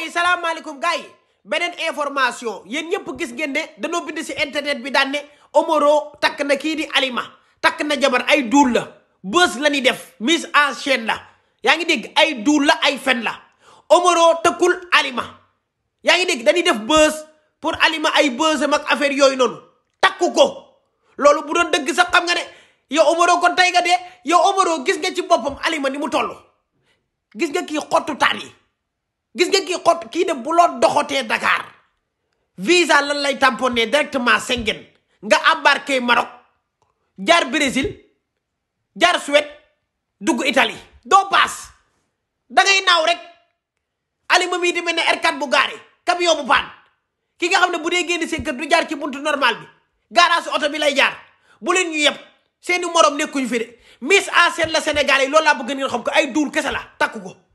gars yi salaamaaleykum gars yi beneen information yéen ñëpp gis ngeen ne danoo bind si internet bi daan ne Omaro takk na kii di Alima takk na jabar ay duul la bës la ñuy def mise en scène la yaa ngi dégg ay duul la ay fen la Omaro tëkkul Alima yaa ngi dégg dañuy def bës pour Alima ay bësam mag affaire yooyu noonu takku ko loolu bu doon dëgg sax xam nga ne yow Omaro kon tey nga de yow Omaro gis nga ci boppam Alima ni mu toll gis nga kii xottu taal yi gis nga kii xot kii dem bu loo doxotee Dakar visa lan lay tamponné directement Schengen nga embarqué Maroc jaar Brésil jaar Suède dugg Italie doo paas da ngay naaw rek alima mii di mel ne R4 bu gaare camion bu paan ki nga xam ne bu dee génn seen kër du jaar ci buntu normal bi garage oto bi lay jaar bu leen ñu yeb seeni morom nekkuñu fi de Miss Asien la Sénégal yi loolu laa bëgg ngeen xam ko ay duul kese la takku ko